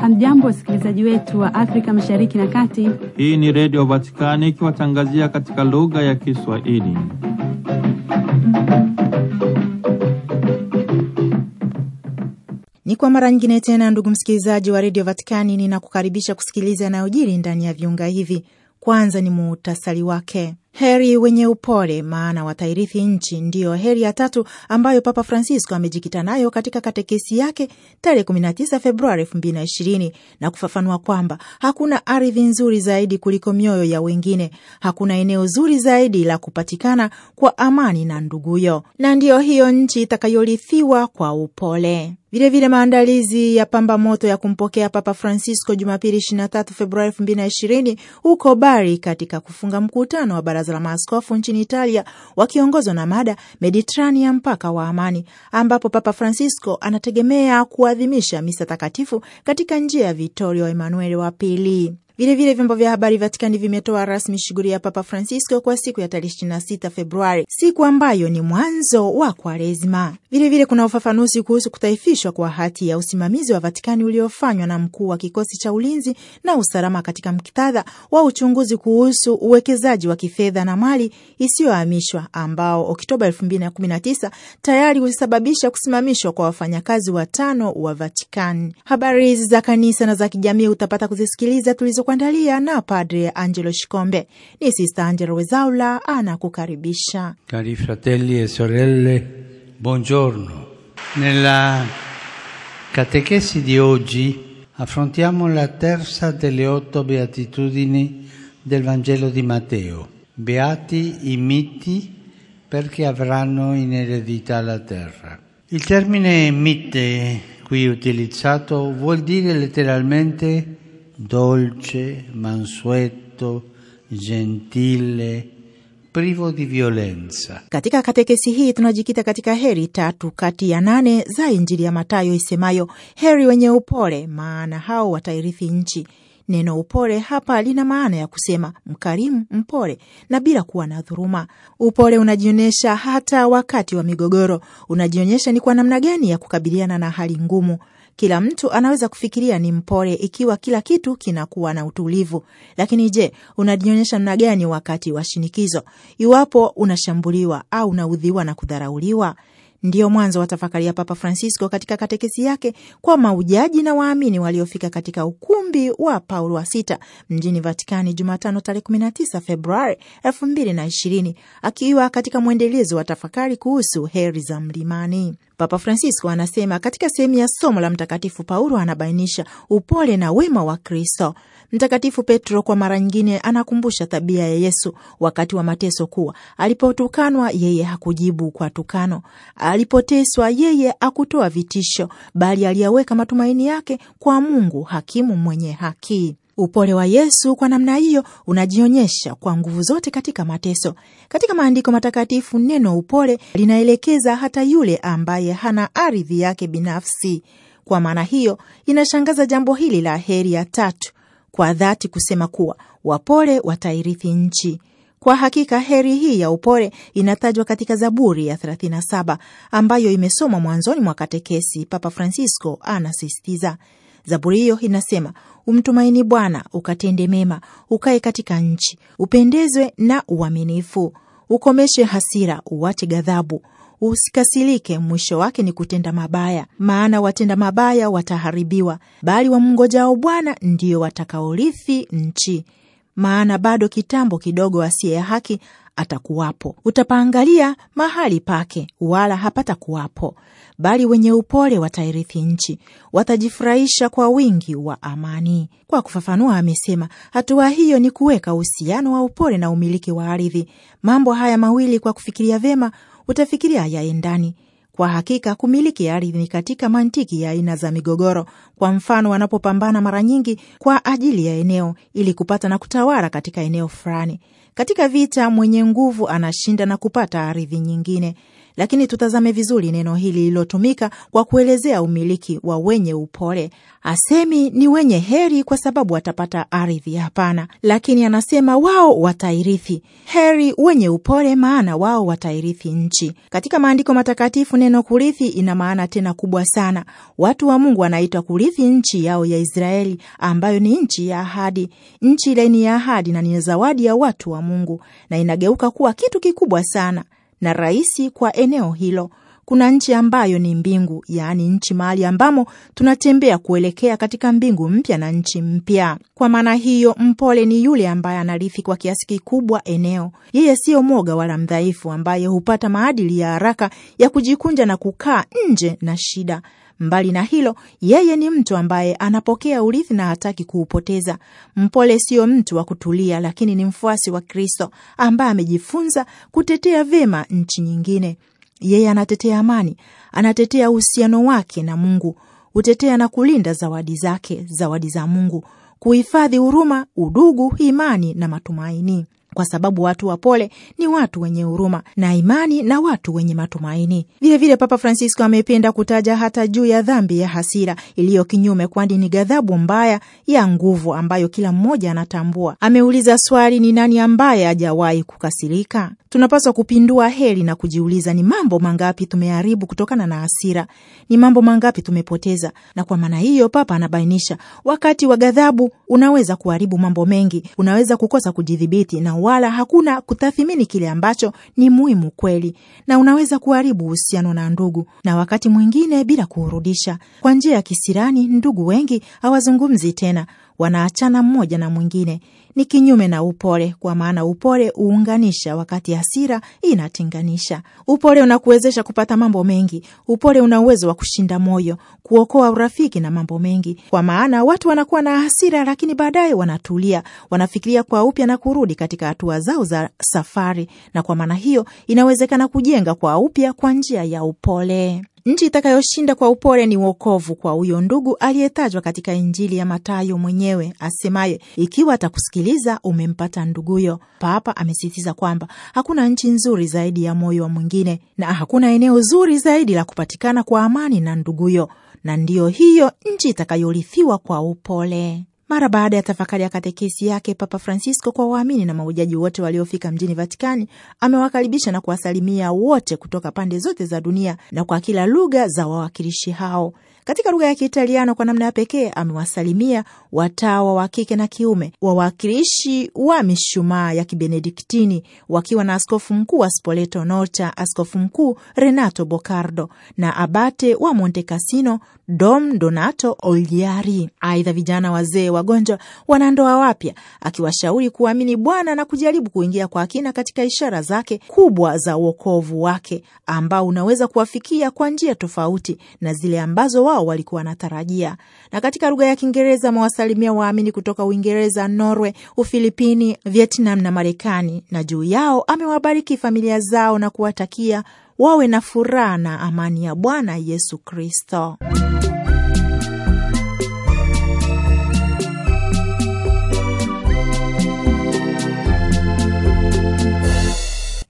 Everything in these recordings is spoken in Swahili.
Hamjambo, wasikilizaji wetu wa Afrika Mashariki na Kati. Hii ni Redio Vatikani ikiwatangazia katika lugha ya Kiswahili. Ni kwa mara nyingine tena, ndugu msikilizaji wa Redio Vatikani, ninakukaribisha kusikiliza yanayojiri ndani ya viunga hivi kwanza ni muhtasari wake. Heri wenye upole, maana watairithi nchi, ndiyo heri ya tatu ambayo Papa Francisco amejikita nayo katika katekesi yake tarehe 19 Februari 2020 na kufafanua kwamba hakuna ardhi nzuri zaidi kuliko mioyo ya wengine, hakuna eneo zuri zaidi la kupatikana kwa amani na nduguyo, na ndiyo hiyo nchi itakayorithiwa kwa upole. Vilevile vile maandalizi ya pamba moto ya kumpokea Papa Francisco Jumapili 23 Februari 2020 huko Bari, katika kufunga mkutano wa baraza la maaskofu nchini Italia wakiongozwa na mada Mediterania, mpaka wa amani, ambapo Papa Francisco anategemea kuadhimisha misa takatifu katika njia ya Vittorio Emanuele wa pili. Vilevile vyombo vya habari Vatikani vimetoa rasmi shughuli ya Papa Francisco kwa siku ya tarehe 26 Februari, siku ambayo ni mwanzo wa Kwaresma. Vilevile kuna ufafanuzi kuhusu kutaifishwa kwa hati ya usimamizi wa Vatikani uliofanywa na mkuu wa kikosi cha ulinzi na usalama katika mktadha wa uchunguzi kuhusu uwekezaji wa kifedha na mali isiyohamishwa ambao Oktoba 2019 tayari ulisababisha kusimamishwa kwa wafanyakazi watano wa Vatikani. Habari hizi za kanisa na za kijamii utapata kuzisikiliza tulizo tumekuandalia na Padre Angelo Shikombe. Ni Sista Angelo Wezaula anakukaribisha. Cari fratelli e sorelle, buongiorno. Nella catechesi di oggi affrontiamo la terza delle otto beatitudini del Vangelo di Matteo. Beati i miti perché avranno in eredità la terra. Il termine mitte qui utilizzato vuol dire letteralmente dolce, mansueto, gentile, privo di violenza. Katika katekesi hii tunajikita katika heri tatu kati ya nane za Injili ya Matayo isemayo, heri wenye upole, maana hao watairithi nchi. Neno upole hapa lina maana ya kusema mkarimu, mpole na bila kuwa na dhuruma. Upole unajionyesha hata wakati wa migogoro, unajionyesha ni kwa namna gani ya kukabiliana na hali ngumu. Kila mtu anaweza kufikiria ni mpore ikiwa kila kitu kinakuwa na utulivu, lakini je, unajionyesha namna gani wakati wa shinikizo? Iwapo unashambuliwa au unaudhiwa na kudharauliwa? Ndiyo mwanzo wa tafakari ya Papa Francisco katika katekesi yake kwa maujaji na waamini waliofika katika ukumbi wa Paulo wa sita mjini Vatikani Jumatano tarehe 19 Februari 2020 akiwa katika mwendelezo wa tafakari kuhusu heri za mlimani. Papa Francisco anasema katika sehemu ya somo la Mtakatifu Paulo anabainisha upole na wema wa Kristo. Mtakatifu Petro kwa mara nyingine anakumbusha tabia ya Yesu wakati wa mateso kuwa alipotukanwa yeye hakujibu kwa tukano, alipoteswa yeye hakutoa vitisho, bali aliyaweka matumaini yake kwa Mungu hakimu mwenye haki. Upole wa Yesu kwa namna hiyo unajionyesha kwa nguvu zote katika mateso. Katika maandiko matakatifu, neno upole linaelekeza hata yule ambaye hana ardhi yake binafsi. Kwa maana hiyo, inashangaza jambo hili la heri ya tatu kwa dhati kusema kuwa wapole watairithi nchi. Kwa hakika heri hii ya upole inatajwa katika Zaburi ya 37 ambayo imesomwa mwanzoni mwa katekesi. Papa Francisco anasisitiza. Zaburi hiyo inasema Umtumaini Bwana ukatende mema, ukae katika nchi, upendezwe na uaminifu, ukomeshe hasira, uwate ghadhabu, usikasirike, mwisho wake ni kutenda mabaya. Maana watenda mabaya wataharibiwa, bali wamngojao Bwana ndiyo watakaorithi nchi maana bado kitambo kidogo asiye ya haki atakuwapo. Utapaangalia mahali pake, wala hapatakuwapo. Bali wenye upole watairithi nchi, watajifurahisha kwa wingi wa amani. Kwa kufafanua, amesema hatua hiyo ni kuweka uhusiano wa upole na umiliki wa ardhi. Mambo haya mawili kwa kufikiria vyema, utafikiria yaendani. Kwa hakika kumiliki ardhi ni katika mantiki ya aina za migogoro. Kwa mfano, wanapopambana mara nyingi kwa ajili ya eneo ili kupata na kutawala katika eneo fulani. Katika vita, mwenye nguvu anashinda na kupata ardhi nyingine lakini tutazame vizuri neno hili lililotumika kwa kuelezea umiliki wa wenye upole. Asemi ni wenye heri kwa sababu watapata ardhi? Hapana, lakini anasema wao watairithi. Heri wenye upole, maana wao watairithi nchi. Katika maandiko matakatifu neno kurithi ina maana tena kubwa sana. Watu wa Mungu wanaitwa kurithi nchi yao ya Israeli, ambayo ni nchi ya ahadi. Nchi ile ni ya ahadi na ni zawadi ya watu wa Mungu na inageuka kuwa kitu kikubwa sana na rahisi kwa eneo hilo. Kuna nchi ambayo ni mbingu, yaani nchi mahali ambamo tunatembea kuelekea katika mbingu mpya na nchi mpya. Kwa maana hiyo, mpole ni yule ambaye anarithi kwa kiasi kikubwa eneo. Yeye siyo mwoga wala mdhaifu, ambaye hupata maadili ya haraka ya kujikunja na kukaa nje na shida, Mbali na hilo, yeye ni mtu ambaye anapokea urithi na hataki kuupoteza. Mpole siyo mtu wa kutulia, lakini ni mfuasi wa Kristo ambaye amejifunza kutetea vyema nchi nyingine. Yeye anatetea amani, anatetea uhusiano wake na Mungu, hutetea na kulinda zawadi zake, zawadi za Mungu, kuhifadhi huruma, udugu, imani na matumaini kwa sababu watu wapole ni watu wenye huruma na imani na watu wenye matumaini. Vilevile, Papa Francisco amependa kutaja hata juu ya dhambi ya hasira iliyo kinyume, kwani ni ghadhabu mbaya ya nguvu ambayo kila mmoja anatambua. Ameuliza swali, ni nani ambaye hajawahi kukasirika? Tunapaswa kupindua heli na kujiuliza, ni mambo mangapi tumeharibu kutokana na hasira? Ni mambo mangapi tumepoteza? Na kwa maana hiyo, Papa anabainisha, wakati wa ghadhabu unaweza kuharibu mambo mengi, unaweza kukosa kujidhibiti na wala hakuna kutathimini kile ambacho ni muhimu kweli, na unaweza kuharibu uhusiano na ndugu, na wakati mwingine bila kuurudisha. Kwa njia ya kisirani, ndugu wengi hawazungumzi tena, wanaachana mmoja na mwingine. Ni kinyume na upole, kwa maana upole uunganisha, wakati hasira inatinganisha Upole unakuwezesha kupata mambo mengi. Upole una uwezo wa kushinda moyo, kuokoa urafiki na mambo mengi, kwa maana watu wanakuwa na hasira, lakini baadaye wanatulia, wanafikiria kwa upya na kurudi katika hatua zao za safari, na kwa maana hiyo inawezekana kujenga kwa upya kwa njia ya upole. Nchi itakayoshinda kwa upole ni wokovu kwa huyo ndugu aliyetajwa katika Injili ya matayo mwenyewe asemaye, ikiwa atakusikiliza umempata nduguyo. Papa amesisitiza kwamba hakuna nchi nzuri zaidi ya moyo wa mwingine na hakuna eneo zuri zaidi la kupatikana kwa amani na nduguyo, na ndiyo hiyo nchi itakayorithiwa kwa upole. Mara baada ya tafakari ya katekesi yake, Papa Francisco kwa waamini na mahujaji wote waliofika mjini Vatikani amewakaribisha na kuwasalimia wote kutoka pande zote za dunia na kwa kila lugha za wawakilishi hao katika lugha ya Kiitaliano kwa namna ya pekee amewasalimia watawa wa kike na kiume, wawakilishi wa mishumaa ya Kibenediktini wakiwa na askofu mkuu wa Spoleto Nota, askofu mkuu Renato Bocardo na abate wa Monte Cassino Dom Donato Oliari. Aidha, vijana wazee, wagonjwa, wanandoa wapya, akiwashauri kuamini Bwana na kujaribu kuingia kwa kina katika ishara zake kubwa za uokovu wake ambao unaweza kuwafikia kwa njia tofauti na zile ambazo wao ambao walikuwa wanatarajia. Na katika lugha ya Kiingereza amewasalimia waamini kutoka Uingereza, Norwe, Ufilipini, Vietnam na Marekani, na juu yao amewabariki familia zao na kuwatakia wawe na furaha na amani ya Bwana Yesu Kristo.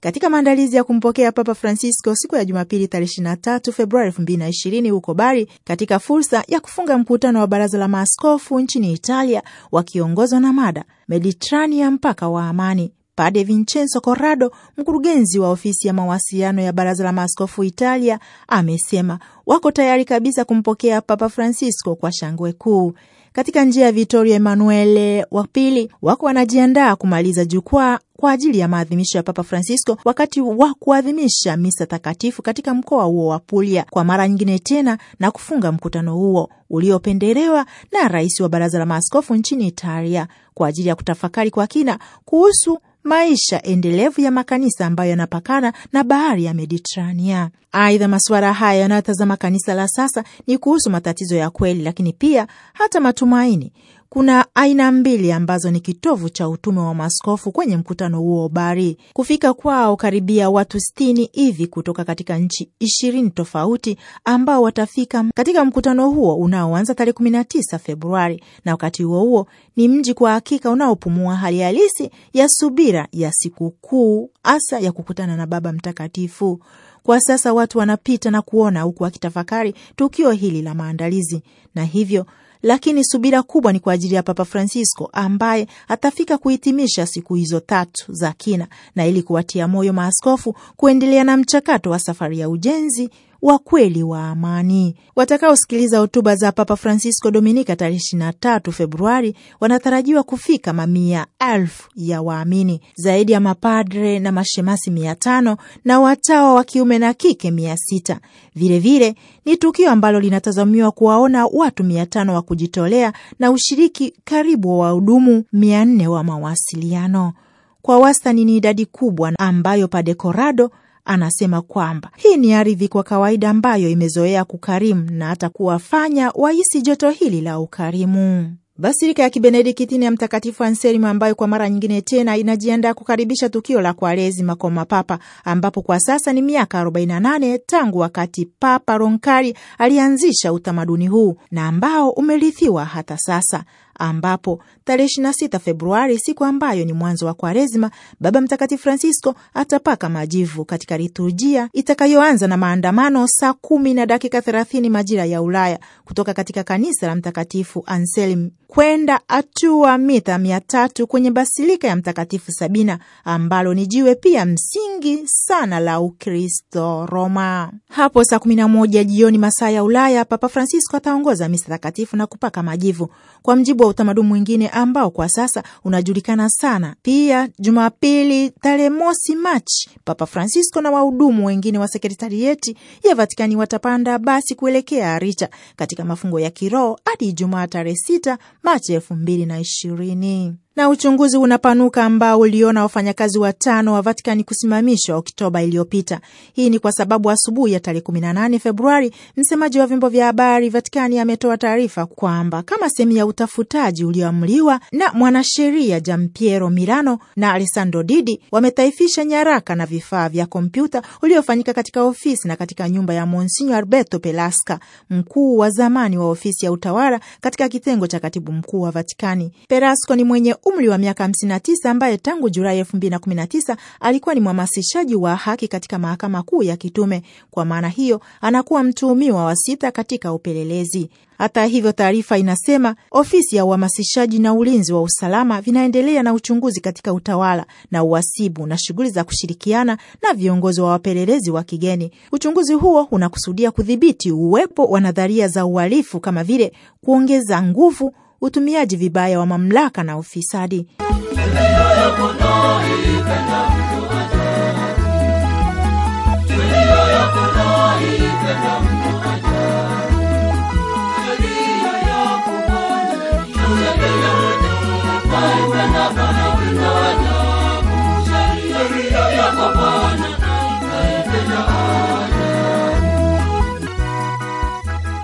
katika maandalizi ya kumpokea Papa Francisco siku ya Jumapili tarehe 23 Februari 2020 huko Bari, katika fursa ya kufunga mkutano wa baraza la maaskofu nchini Italia wakiongozwa na mada Mediterania, mpaka wa amani. Pade Vincenzo Corrado, mkurugenzi wa ofisi ya mawasiliano ya baraza la maaskofu Italia, amesema wako tayari kabisa kumpokea Papa Francisco kwa shangwe kuu katika njia ya Vittorio Emanuele wa pili wako wanajiandaa kumaliza jukwaa kwa ajili ya maadhimisho ya Papa Francisco wakati wa kuadhimisha misa takatifu katika mkoa huo wa Puglia kwa mara nyingine tena na kufunga mkutano huo uliopendelewa na rais wa baraza la maaskofu nchini Italia kwa ajili ya kutafakari kwa kina kuhusu maisha endelevu ya makanisa ambayo yanapakana na bahari ya Mediterania. Aidha, masuala haya yanayotazama kanisa la sasa ni kuhusu matatizo ya kweli, lakini pia hata matumaini kuna aina mbili ambazo ni kitovu cha utume wa maskofu kwenye mkutano huo Bari. Kufika kwao karibia watu sitini hivi kutoka katika nchi ishirini tofauti ambao watafika katika mkutano huo unaoanza tarehe tisa Februari, na wakati huo huo ni mji kwa hakika unaopumua hali halisi ya subira ya sikukuu, hasa ya kukutana na Baba Mtakatifu. Kwa sasa watu wanapita na kuona huku wakitafakari tukio hili la maandalizi, na hivyo lakini subira kubwa ni kwa ajili ya Papa Francisco ambaye atafika kuhitimisha siku hizo tatu za kina, na ili kuwatia moyo maaskofu kuendelea na mchakato wa safari ya ujenzi wa kweli wa amani. Watakaosikiliza hotuba za Papa Francisco Dominika tarehe 23 Februari wanatarajiwa kufika mamia elfu ya waamini, zaidi ya mapadre na mashemasi mia tano na watawa wa kiume na kike mia sita. Vilevile ni tukio ambalo linatazamiwa kuwaona watu mia tano wa kujitolea na ushiriki karibu wa wahudumu mia nne wa mawasiliano. Kwa wastani ni idadi kubwa ambayo Padre Corrado anasema kwamba hii ni ardhi kwa kawaida ambayo imezoea kukarimu na hata kuwafanya wahisi joto hili la ukarimu. Basilika ya Kibenediktini ya Mtakatifu Anselmo ambayo kwa mara nyingine tena inajiandaa kukaribisha tukio la Kwaresima kwa mapapa, ambapo kwa sasa ni miaka 48 tangu wakati Papa Roncalli alianzisha utamaduni huu na ambao umerithiwa hata sasa ambapo tarehe 26 Februari, siku ambayo ni mwanzo wa Kwaresima, Baba Mtakatifu Francisco atapaka majivu katika liturjia itakayoanza na maandamano saa kumi na dakika thelathini majira ya Ulaya kutoka katika kanisa la Mtakatifu Anselm kwenda hatua mita mia tatu kwenye basilika ya Mtakatifu Sabina ambalo ni jiwe pia msingi sana la Ukristo Roma. Hapo saa kumi na moja jioni masaa ya Ulaya, Papa Francisco ataongoza misa takatifu na kupaka majivu kwa mjibu wa utamaduni mwingine ambao kwa sasa unajulikana sana. Pia Jumapili tarehe mosi Machi, Papa Francisco na wahudumu wengine wa sekretarieti ya Vatikani watapanda basi kuelekea Arita katika mafungo ya kiroho hadi Ijumaa tarehe sita Machi elfu mbili na ishirini na uchunguzi unapanuka ambao uliona wafanyakazi watano wa Vatikani kusimamishwa Oktoba iliyopita. Hii ni kwa sababu asubuhi ya tarehe 18 Februari, msemaji wa vyombo vya habari Vatikani ametoa taarifa kwamba kama sehemu ya utafutaji ulioamriwa na mwanasheria Giampiero Milano na Alessandro Didi, wametaifisha nyaraka na vifaa vya kompyuta uliofanyika katika ofisi na katika nyumba ya Monsignor Alberto Pelasca, mkuu wa zamani wa ofisi ya utawala katika kitengo cha katibu mkuu wa Vatikani. Pelasco ni mwenye umri wa miaka 59 ambaye tangu Julai 2019 alikuwa ni mhamasishaji wa haki katika mahakama kuu ya kitume. Kwa maana hiyo anakuwa mtuhumiwa wa sita katika upelelezi. Hata hivyo, taarifa inasema ofisi ya uhamasishaji na ulinzi wa usalama vinaendelea na uchunguzi katika utawala na uhasibu na shughuli za kushirikiana na viongozi wa wapelelezi wa kigeni. Uchunguzi huo unakusudia kudhibiti uwepo wa nadharia za uhalifu kama vile kuongeza nguvu utumiaji vibaya wa mamlaka na ufisadi.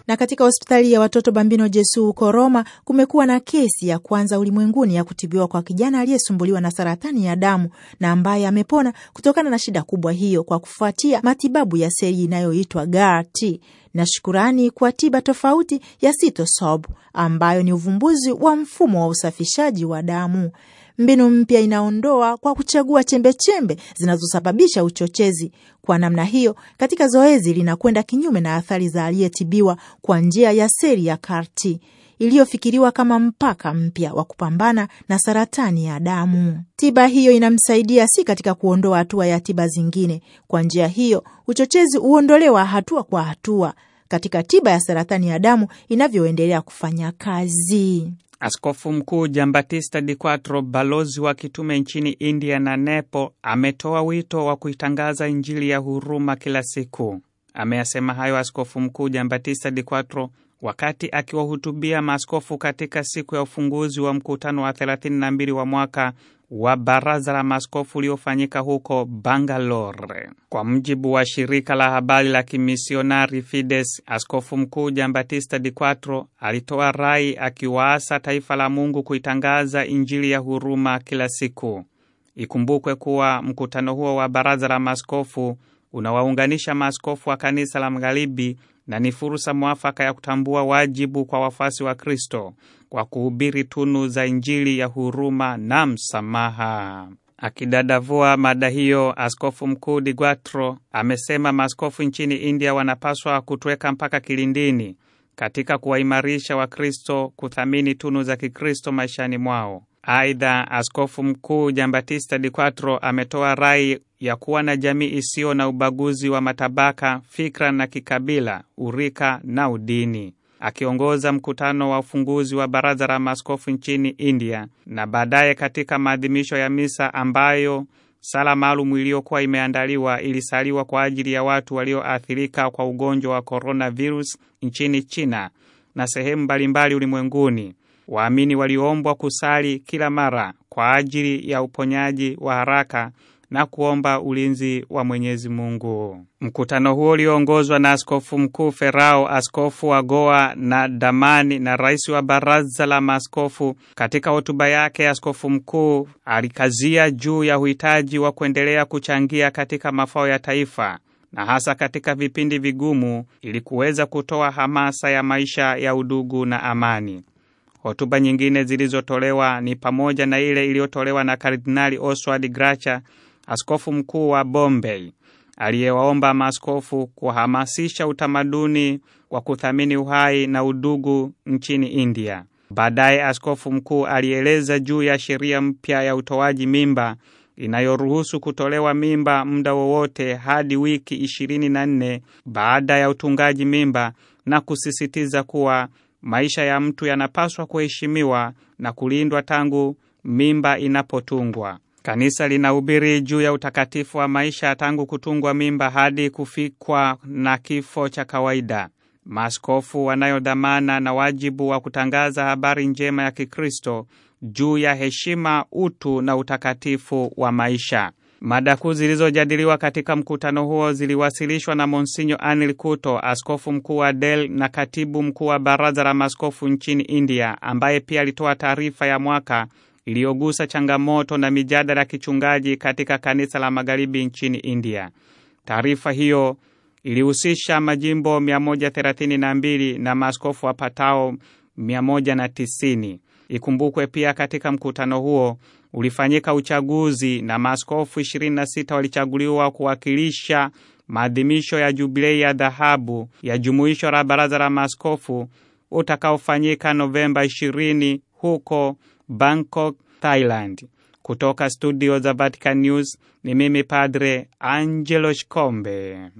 Na katika hospitali ya watoto Bambino Jesu huko Roma kumekuwa na kesi ya kwanza ulimwenguni ya kutibiwa kwa kijana aliyesumbuliwa na saratani ya damu na ambaye amepona kutokana na shida kubwa hiyo kwa kufuatia matibabu ya seli inayoitwa gar na shukurani kwa tiba tofauti ya sitosob ambayo ni uvumbuzi wa mfumo wa usafishaji wa damu. Mbinu mpya inaondoa kwa kuchagua chembechembe zinazosababisha uchochezi. Kwa namna hiyo, katika zoezi linakwenda kinyume na athari za aliyetibiwa kwa njia ya seli ya karti iliyofikiriwa kama mpaka mpya wa kupambana na saratani ya damu. Tiba hiyo inamsaidia si katika kuondoa hatua ya tiba zingine. Kwa njia hiyo, uchochezi huondolewa hatua kwa hatua katika tiba ya saratani ya damu inavyoendelea kufanya kazi. Askofu Mkuu Giambattista Di Quattro, balozi wa kitume nchini India na Nepal, ametoa wito wa kuitangaza Injili ya huruma kila siku. Ameyasema hayo Askofu Mkuu Giambattista Di Quattro wakati akiwahutubia maaskofu katika siku ya ufunguzi wa mkutano wa 32 wa mwaka wa baraza la maskofu uliofanyika huko Bangalore. Kwa mujibu wa shirika la habari la kimisionari Fides, askofu mkuu Jambatista Di Quatro alitoa rai akiwaasa taifa la Mungu kuitangaza injili ya huruma kila siku. Ikumbukwe kuwa mkutano huo wa baraza la maskofu unawaunganisha maaskofu wa kanisa la magharibi na ni fursa mwafaka ya kutambua wajibu kwa wafuasi wa Kristo kwa kuhubiri tunu za Injili ya huruma na msamaha. Akidadavua mada hiyo, Askofu Mkuu Digwatro amesema maaskofu nchini India wanapaswa kutweka mpaka kilindini katika kuwaimarisha Wakristo kuthamini tunu za Kikristo maishani mwao. Aidha, askofu mkuu Jambatista Di Quatro ametoa rai ya kuwa na jamii isiyo na ubaguzi wa matabaka, fikra na kikabila, urika na udini. Akiongoza mkutano wa ufunguzi wa baraza la maaskofu nchini India na baadaye katika maadhimisho ya misa ambayo sala maalum iliyokuwa imeandaliwa ilisaliwa kwa ajili ya watu walioathirika kwa ugonjwa wa coronavirus nchini China na sehemu mbalimbali ulimwenguni. Waamini waliombwa kusali kila mara kwa ajili ya uponyaji wa haraka na kuomba ulinzi wa Mwenyezi Mungu. Mkutano huo ulioongozwa na askofu mkuu Ferao, askofu wa Goa na Damani na rais wa baraza la maaskofu. Katika hotuba yake, askofu mkuu alikazia juu ya uhitaji wa kuendelea kuchangia katika mafao ya taifa na hasa katika vipindi vigumu ili kuweza kutoa hamasa ya maisha ya udugu na amani. Hotuba nyingine zilizotolewa ni pamoja na ile iliyotolewa na Kardinali Oswald Gracha askofu mkuu wa Bombay aliyewaomba maaskofu kuhamasisha utamaduni wa kuthamini uhai na udugu nchini India. Baadaye askofu mkuu alieleza juu ya sheria mpya ya utoaji mimba inayoruhusu kutolewa mimba muda wowote hadi wiki ishirini na nne baada ya utungaji mimba na kusisitiza kuwa maisha ya mtu yanapaswa kuheshimiwa na kulindwa tangu mimba inapotungwa. Kanisa linahubiri juu ya utakatifu wa maisha tangu kutungwa mimba hadi kufikwa na kifo cha kawaida. Maaskofu wanayo dhamana na wajibu wa kutangaza habari njema ya Kikristo juu ya heshima, utu na utakatifu wa maisha. Mada kuu zilizojadiliwa katika mkutano huo ziliwasilishwa na Monsinyo Anil Kuto, askofu mkuu wa Del na katibu mkuu wa baraza la maaskofu nchini India, ambaye pia alitoa taarifa ya mwaka iliyogusa changamoto na mijadala ya kichungaji katika kanisa la magharibi nchini India. Taarifa hiyo ilihusisha majimbo 132 na maaskofu wapatao 190. Ikumbukwe pia katika mkutano huo ulifanyika uchaguzi na maaskofu 26 walichaguliwa kuwakilisha maadhimisho ya jubilei ya dhahabu ya jumuisho la baraza la maaskofu utakaofanyika Novemba 20 huko Bangkok, Thailand. Kutoka studio za Vatican News ni mimi Padre Angelo Shikombe.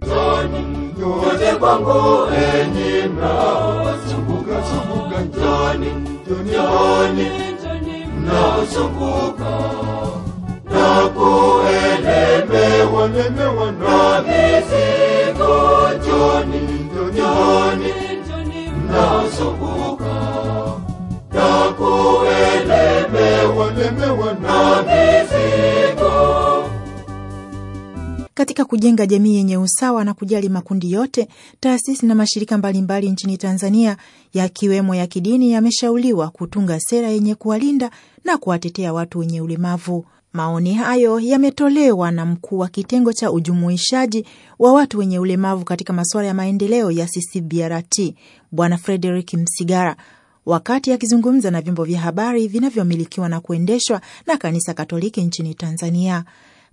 kujenga jamii yenye usawa na kujali makundi yote. Taasisi na mashirika mbalimbali nchini Tanzania yakiwemo ya kidini yameshauliwa kutunga sera yenye kuwalinda na kuwatetea watu wenye ulemavu. Maoni hayo yametolewa na mkuu wa kitengo cha ujumuishaji wa watu wenye ulemavu katika masuala ya maendeleo ya CCBRT Bwana Frederick Msigara wakati akizungumza na vyombo vya habari vinavyomilikiwa na kuendeshwa na Kanisa Katoliki nchini Tanzania.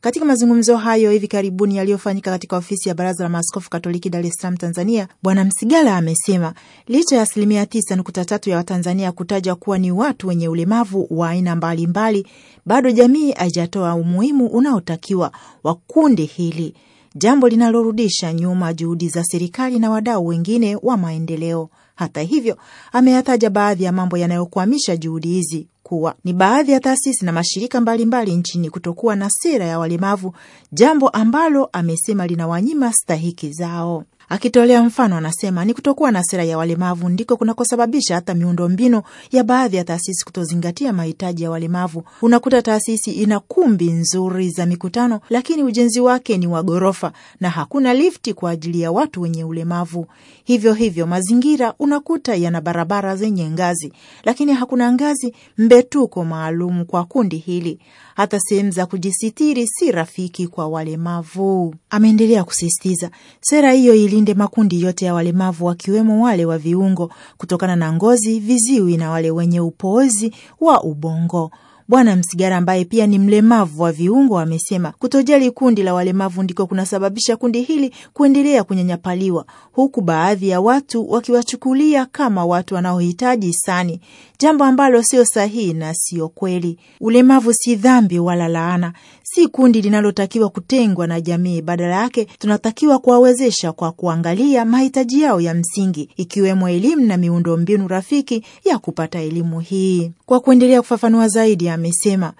Katika mazungumzo hayo hivi karibuni yaliyofanyika katika ofisi ya Baraza la Maaskofu Katoliki Dar es Salaam, Tanzania, Bwana Msigala amesema licha ya asilimia tisa nukta tatu ya Watanzania kutaja kuwa ni watu wenye ulemavu wa aina mbalimbali, bado jamii haijatoa umuhimu unaotakiwa wa kundi hili, jambo linalorudisha nyuma juhudi za serikali na wadau wengine wa maendeleo. Hata hivyo, ameyataja baadhi ya mambo yanayokwamisha juhudi hizi kuwa ni baadhi ya taasisi na mashirika mbalimbali mbali nchini kutokuwa na sera ya walemavu, jambo ambalo amesema linawanyima stahiki zao. Akitolea mfano, anasema ni kutokuwa na sera ya walemavu ndiko kunakosababisha hata miundombinu ya baadhi ya taasisi kutozingatia mahitaji ya walemavu. Unakuta taasisi ina kumbi nzuri za mikutano, lakini ujenzi wake ni wa ghorofa na hakuna lifti kwa ajili ya watu wenye ulemavu. Hivyo hivyo, mazingira unakuta yana barabara zenye ngazi, lakini hakuna ngazi mbetuko maalum kwa kundi hili. Hata sehemu za kujisitiri si rafiki kwa walemavu. Ameendelea kusisitiza sera hiyo ili walinde makundi yote ya walemavu wakiwemo wale wa viungo kutokana na ngozi, viziwi na wale wenye upoozi wa ubongo. Bwana Msigara ambaye pia ni mlemavu wa viungo amesema kutojali kundi la walemavu ndiko kunasababisha kundi hili kuendelea kunyanyapaliwa, huku baadhi ya watu wakiwachukulia kama watu wanaohitaji sani, jambo ambalo sio sahihi na sio kweli. Ulemavu si dhambi wala laana, si kundi linalotakiwa kutengwa na jamii. Badala yake tunatakiwa kuwawezesha kwa kuangalia mahitaji yao ya msingi, ikiwemo elimu na miundombinu rafiki ya kupata elimu hii. Kwa kuendelea kufafanua zaidi amesema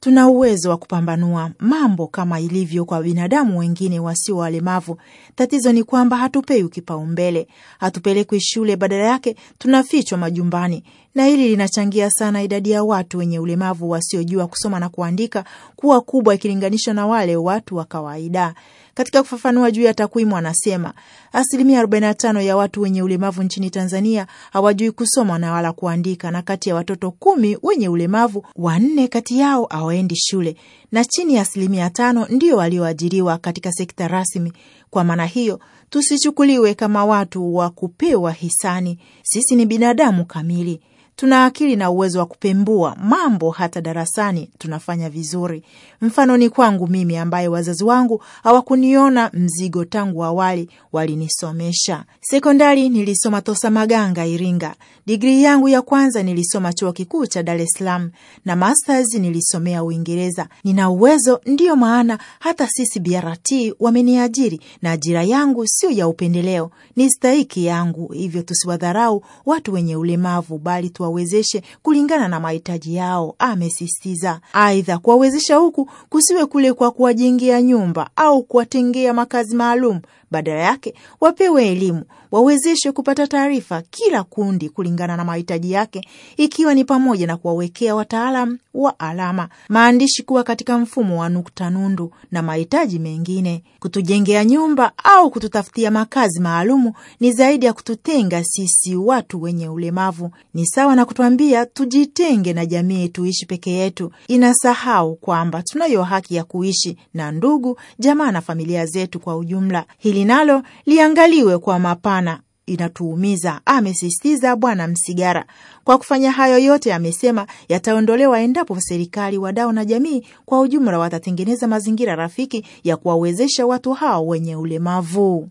tuna uwezo wa kupambanua mambo kama ilivyo kwa binadamu wengine wasio walemavu. Tatizo ni kwamba hatupewi kipaumbele, hatupelekwi shule, badala yake tunafichwa majumbani na hili linachangia sana idadi ya watu wenye ulemavu wasiojua kusoma na kuandika kuwa kubwa ikilinganishwa na wale watu wa kawaida. Katika kufafanua juu ya takwimu, anasema asilimia 45 ya watu wenye ulemavu nchini Tanzania hawajui kusoma na wala kuandika, na kati ya watoto kumi wenye ulemavu wanne kati yao hawaendi shule, na chini ya asilimia tano ndio walioajiriwa katika sekta rasmi. Kwa maana hiyo tusichukuliwe kama watu wa kupewa hisani, sisi ni binadamu kamili tuna akili na uwezo wa kupembua mambo, hata darasani tunafanya vizuri. Mfano ni kwangu mimi, ambaye wazazi wangu hawakuniona mzigo tangu awali, walinisomesha. Sekondari nilisoma Tosa Maganga, Iringa. Digrii yangu ya kwanza nilisoma chuo kikuu cha Dar es Salaam na masters nilisomea Uingereza. Nina uwezo, ndiyo maana hata sisi BRT wameniajiri, na ajira yangu sio ya upendeleo, ni stahiki yangu. Hivyo tusiwadharau watu wenye ulemavu, bali tuwa wawezeshe kulingana na mahitaji yao, amesisitiza. Aidha, kuwawezesha huku kusiwe kule kwa kuwajengea nyumba au kuwatengea makazi maalum. Badala yake wapewe elimu, wawezeshwe kupata taarifa, kila kundi kulingana na mahitaji yake, ikiwa ni pamoja na kuwawekea wataalam wa alama maandishi kuwa katika mfumo wa nukta nundu na mahitaji mengine. Kutujengea nyumba au kututafutia makazi maalumu ni zaidi ya kututenga sisi watu wenye ulemavu, ni sawa na tujitenge na jamii, tuishi peke yetu, inasahau kwamba tunayo haki ya kuishi na ndugu, jamaa na familia zetu kwa ujumla. Hili nalo liangaliwe kwa mapana inatuumiza, amesisitiza Bwana Msigara. Kwa kufanya hayo yote, amesema yataondolewa endapo serikali, wadau na jamii kwa ujumla watatengeneza mazingira rafiki ya kuwawezesha watu hao wenye ulemavu.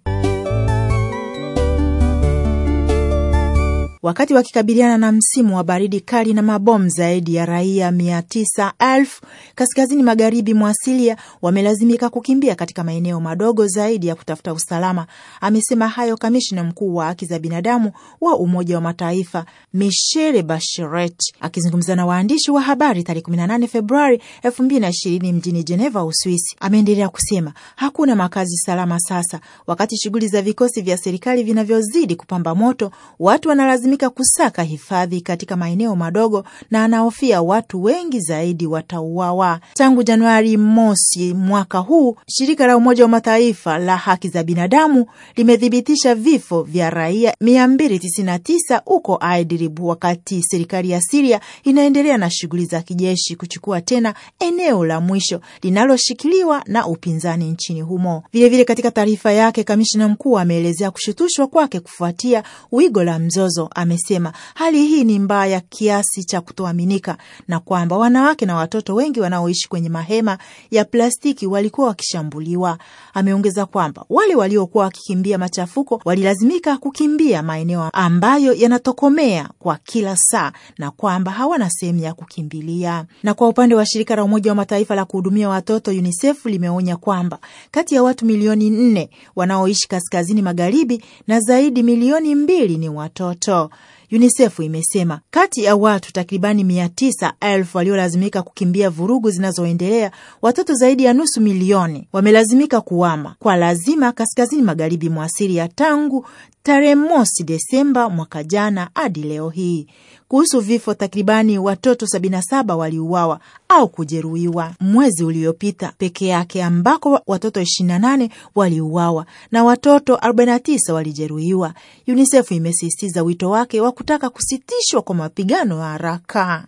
wakati wakikabiliana na msimu wa baridi kali na mabomu zaidi ya raia mia tisa elfu kaskazini magharibi mwa Siria wamelazimika kukimbia katika maeneo madogo zaidi ya kutafuta usalama. Amesema hayo kamishna mkuu wa haki za binadamu wa Umoja wa Mataifa Michele Bachelet akizungumza na waandishi wa habari tarehe 18 Februari 2020 mjini Geneva, Uswisi. Ameendelea kusema hakuna makazi salama sasa, wakati shughuli za vikosi vya serikali vinavyozidi kupamba moto, watu wanalazimika atalazimika kusaka hifadhi katika maeneo madogo na anahofia watu wengi zaidi watauawa. Tangu Januari mosi mwaka huu, shirika la Umoja wa Mataifa la haki za binadamu limethibitisha vifo vya raia 299 huko Idlib, wakati serikali ya Siria inaendelea na shughuli za kijeshi kuchukua tena eneo la mwisho linaloshikiliwa na upinzani nchini humo. Vilevile vile katika taarifa yake, kamishina mkuu ameelezea kushutushwa kwake kufuatia wigo la mzozo amesema hali hii ni mbaya kiasi cha kutoaminika na kwamba wanawake na watoto wengi wanaoishi kwenye mahema ya plastiki walikuwa wakishambuliwa. Ameongeza kwamba wale waliokuwa wakikimbia machafuko walilazimika kukimbia maeneo ambayo yanatokomea kwa kila saa na kwamba hawana sehemu ya kukimbilia. Na kwa upande wa shirika la Umoja wa Mataifa la kuhudumia watoto UNICEF limeonya kwamba kati ya watu milioni nne wanaoishi kaskazini magharibi na zaidi milioni mbili ni watoto. UNICEF imesema kati ya watu takribani mia tisa elfu waliolazimika kukimbia vurugu zinazoendelea, watoto zaidi ya nusu milioni wamelazimika kuama kwa lazima kaskazini magharibi mwa Siria tangu tarehe mosi Desemba mwaka jana hadi leo hii. Kuhusu vifo, takribani watoto 77 waliuawa au kujeruhiwa mwezi uliopita peke yake, ambako watoto 28 waliuawa na watoto 49 walijeruhiwa. UNICEF imesisitiza wito wake wa kutaka kusitishwa kwa mapigano haraka.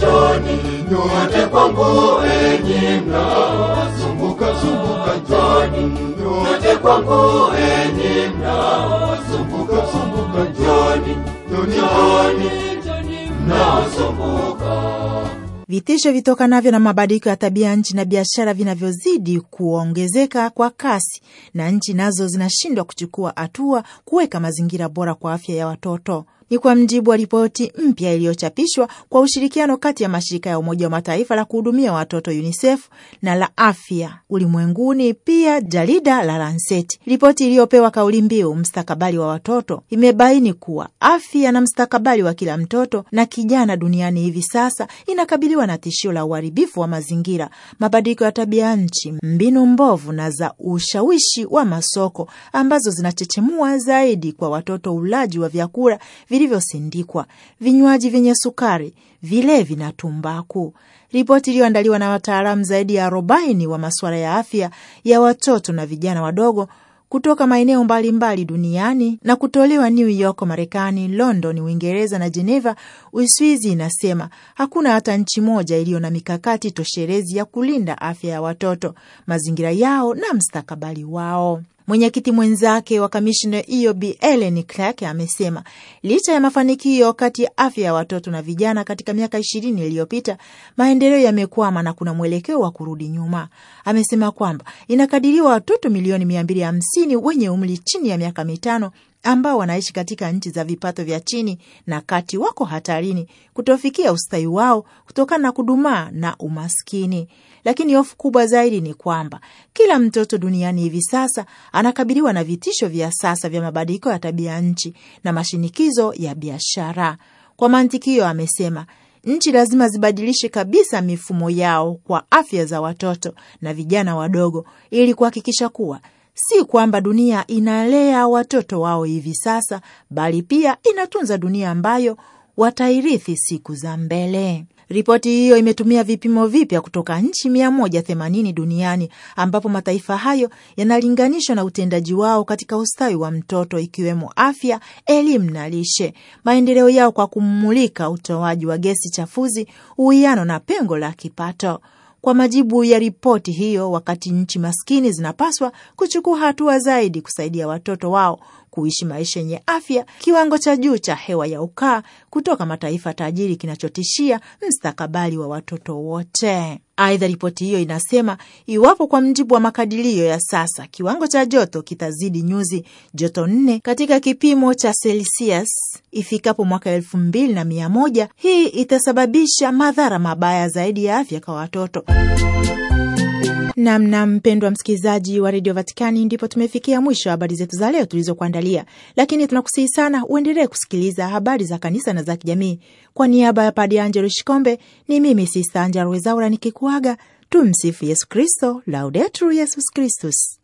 Njoni nyote kwangu, enyi mnaozunguka zunguka, njoni nyote kwangu, enyi mnaozunguka zunguka, njoni njoni, njoni mnaozunguka Vitisho vitokanavyo na mabadiliko ya tabia nchi na biashara vinavyozidi kuongezeka kwa kasi na nchi nazo zinashindwa kuchukua hatua kuweka mazingira bora kwa afya ya watoto ni kwa mjibu wa ripoti mpya iliyochapishwa kwa ushirikiano kati ya mashirika ya Umoja wa Mataifa la kuhudumia watoto UNICEF na la afya ulimwenguni, pia jarida la Lanseti. Ripoti iliyopewa kauli mbiu mstakabali wa watoto imebaini kuwa afya na mstakabali wa kila mtoto na kijana duniani hivi sasa inakabiliwa na tishio la uharibifu wa mazingira, mabadiliko ya tabia nchi, mbinu mbovu na za ushawishi wa masoko ambazo zinachechemua zaidi kwa watoto ulaji wa vyakula vilivyosindikwa, vinywaji vyenye sukari, vilevi na tumbaku. Ripoti iliyoandaliwa na wataalamu zaidi ya arobaini wa masuala ya afya ya watoto na vijana wadogo kutoka maeneo mbalimbali duniani na kutolewa New York Marekani, London Uingereza na Geneva Uswizi, inasema hakuna hata nchi moja iliyo na mikakati tosherezi ya kulinda afya ya watoto, mazingira yao na mstakabali wao. Mwenyekiti mwenzake wa kamishna IOB Ellen Clark amesema licha ya mafanikio kati ya afya ya watoto na vijana katika miaka ishirini iliyopita, maendeleo yamekwama na kuna mwelekeo wa kurudi nyuma. Amesema kwamba inakadiriwa watoto milioni mia mbili hamsini wenye umri chini ya miaka mitano ambao wanaishi katika nchi za vipato vya chini na kati wako hatarini kutofikia ustawi wao kutokana na kudumaa na umaskini lakini hofu kubwa zaidi ni kwamba kila mtoto duniani hivi sasa anakabiliwa na vitisho vya sasa vya mabadiliko ya tabia nchi na mashinikizo ya biashara. Kwa mantikio, amesema nchi lazima zibadilishe kabisa mifumo yao kwa afya za watoto na vijana wadogo ili kuhakikisha kuwa si kwamba dunia inalea watoto wao hivi sasa, bali pia inatunza dunia ambayo watairithi siku za mbele. Ripoti hiyo imetumia vipimo vipya kutoka nchi 180 duniani ambapo mataifa hayo yanalinganishwa na utendaji wao katika ustawi wa mtoto ikiwemo afya, elimu na lishe, maendeleo yao kwa kumulika utoaji wa gesi chafuzi, uwiano na pengo la kipato. Kwa majibu ya ripoti hiyo, wakati nchi maskini zinapaswa kuchukua hatua zaidi kusaidia watoto wao kuishi maisha yenye afya, kiwango cha juu cha hewa ya ukaa kutoka mataifa tajiri kinachotishia mstakabali wa watoto wote. Aidha, ripoti hiyo inasema iwapo kwa mjibu wa makadirio ya sasa kiwango cha joto kitazidi nyuzi joto nne katika kipimo cha Celsius ifikapo mwaka elfu mbili na mia moja, hii itasababisha madhara mabaya zaidi ya afya kwa watoto Namna mpendwa msikilizaji wa redio Vatikani, ndipo tumefikia mwisho habari zetu za leo tulizokuandalia, lakini tunakusihi sana uendelee kusikiliza habari za kanisa na za kijamii. Kwa niaba ya Padre Angelo Shikombe, ni mimi Sista Angela wezaura nikikuaga. Tumsifu Yesu Kristo, Laudetur Yesus Kristus.